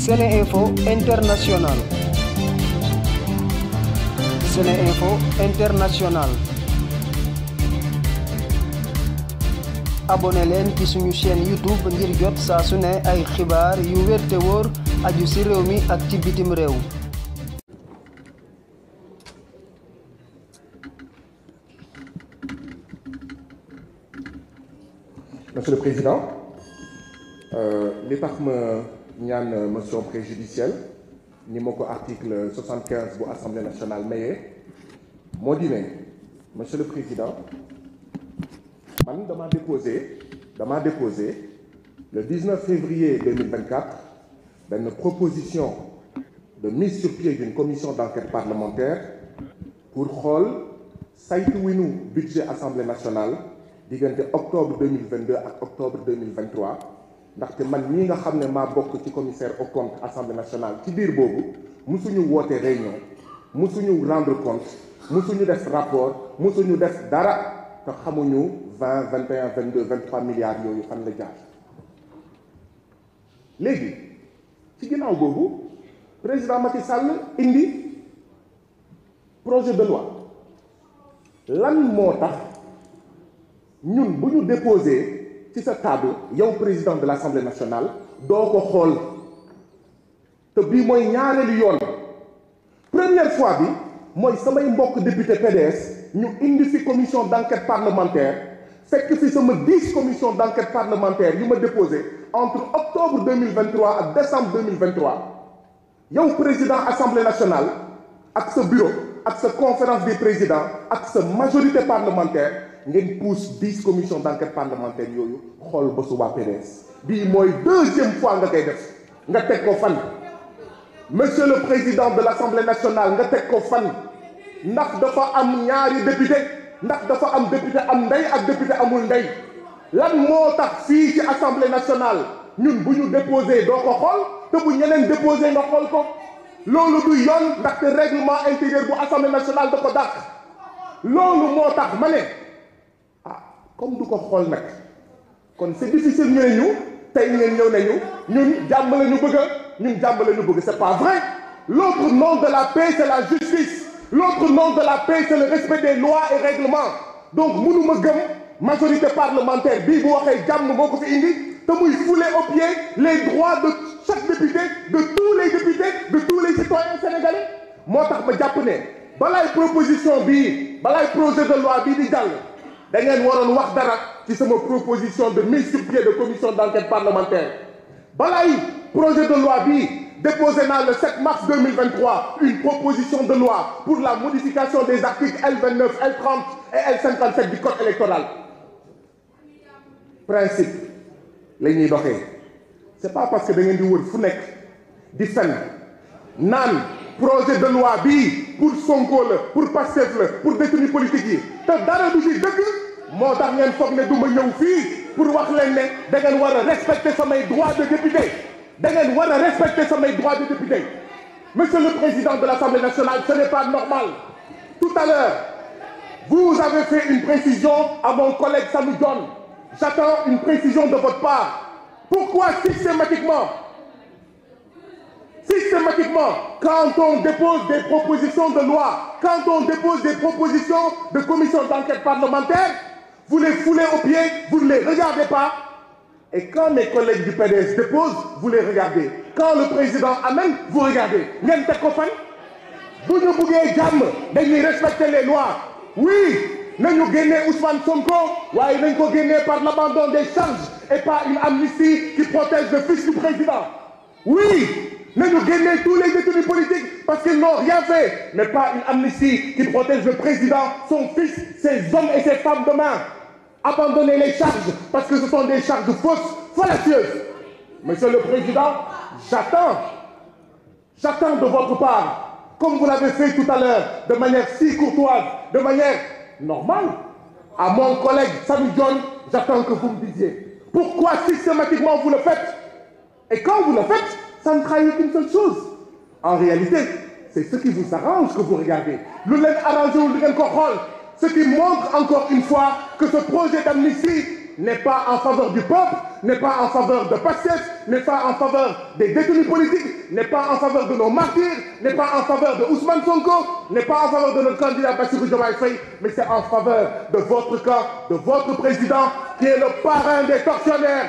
Sene Info International Sene Info leen ci suñu chaîne YouTube ngir jot saa su ne ay xibaar yu wér te wóor aju ci réew mi ak ci bitim réew ñaan euh, motion préjudicielle ni ma ko article 75 bu assemblée nationale mayee moo di ne monsieur le président man dama déposé dama déposé le 19 février 2024 benn proposition de mise sur pied d'une commission d'enquête parlementaire pour xool saytu winu budget assemblée nationale diggante octobre 2022 ak octobre 2023 ndaxte man mii nga xam ne maa bokk ci commissaire aux comptes assemblée nationale ci biir boobu musuñu woote réunion musuñu rendre compte musuñu def rapport musuñu def dara te xamuñu vingt vingt et un vingt deux vingt trois milliards yooyu fan la jaar léegi ci ginnaaw boobu président Macky Sall indi projet de loi lan moo tax ñun bu ñu déposé. ci sa table yow président de l'Assemblée nationale doo ko xool te bii mooy ñaareelu yoon première fois bi mooy samay mbokk député PDS ñu indi si commission d'enquête parlementaire fekk fi sama dix commission d'enquête parlementaire yu ma déposé entre octobre 2023 ak décembre 2023 yow président Assemblée nationale ak sa bureau ak sa conférence des président ak sa majorité parlementaire ngeen pousse dix commission d'enquête parlementaire yooyu xool ba su waa PDS bii mooy deuxième fois nga koy def nga teg ko fan monsieur le président de l'Assemblée nationale nga teg ko fan ndax dafa am ñaari député ndax dafa am député am ndey ak député amul ndey lan moo tax fii ci assemblée nationale ñun bu ñu déposé doo ko xool te bu ñeneen déposé nga xool ko loolu du yoon ndaxte règlement intérieur bu assemblée nationale da ko dàq loolu moo tax ma comme du ko xool nag kon c'est difficile ñu ne ñu tey ngeen ñëw nañu ñun jàmm ñu bëgg ñun jàmm la ñu bëgg c'est pas vrai l'autre nom de la paix c'est la justice l'autre nom de la paix c'est le respect des lois et règlements donc mënuma gëm majorité parlementaire bii bu waxee jàmm moo ko fi indi te muy fouler au pied les droits de chaque député de tous les députés de tous les citoyens sénégalais moo tax ma jàpp ne balaay proposition bi balaay projet de loi bii di jàll da ngeen waroon wax dara ci sama proposition de mise sur pied de commission d'enquête parlementaire balaay projet de bi déposé naa le 7 mars 2023 une proposition de pour la modification des articles L29 l et L57 du code électoral principe la ñuy doxee c'est pas parce que da ngeen di wër fu nekk di fen naan projet de loi bii pour Sonko la pour Pastef la pour détenu politique yi te dara du ci dëgg moo tax ngeen foog ne du ma ñëw fii pour wax leen ne da ngeen a respecter samay droits de député da ngeen war a respecter samay droits de député monsieur le président de l'Assemblée nationale ce n'est pas normal tout à l'heure vous avez fait une précision à mon collègue Samy j'attends une précision de votre part pourquoi systématiquement Systématiquement, quand on dépose des propositions de loi, quand on dépose des propositions de commission d'enquête parlementaire, vous les foulez aux pieds, vous ne les regardez pas. Et quand mes collègues du PDS déposent, vous les regardez. Quand le président amène, vous regardez. ngeen teg ko fan bu ñu buggee jàmm dañuy respecter les lois oui nañu génnee Ousmane Sonko waaye nañ ko génnee par l'abandon des charges et par une amnistie qui nañu génne tous les détenus politiques parce qu'ils n'ont rien fait mais pas une amnistie qui protège le président son fils ses hommes et ses femmes demain abandonnez les charges parce que ce sont des charges fausses fallacieuses monsieur le président j'attends j'attends de votre part comme vous l'avez fait tout à l'heure de manière si courtoise de manière normale à mon collègue Samy Dione j'attends que vous me disiez pourquoi systématiquement vous le faites Ça ne trahit qu'une seule chose. En réalité, c'est ce qui vous arrange que vous regardez. lu leen arrangé ko xool ce qui montre encore une fois que ce projet d'amnistie n'est pas en faveur du peuple n'est pas en faveur de Pastef n'est pas en faveur des détenus politiques n'est pas en faveur de nos martyrs n'est pas en faveur de Ousmane Sonko n'est pas en faveur de notre candidat Bassirou Diomaye Faye mais c'est en faveur de votre camp de votre président qui est le parrain des tortionnaires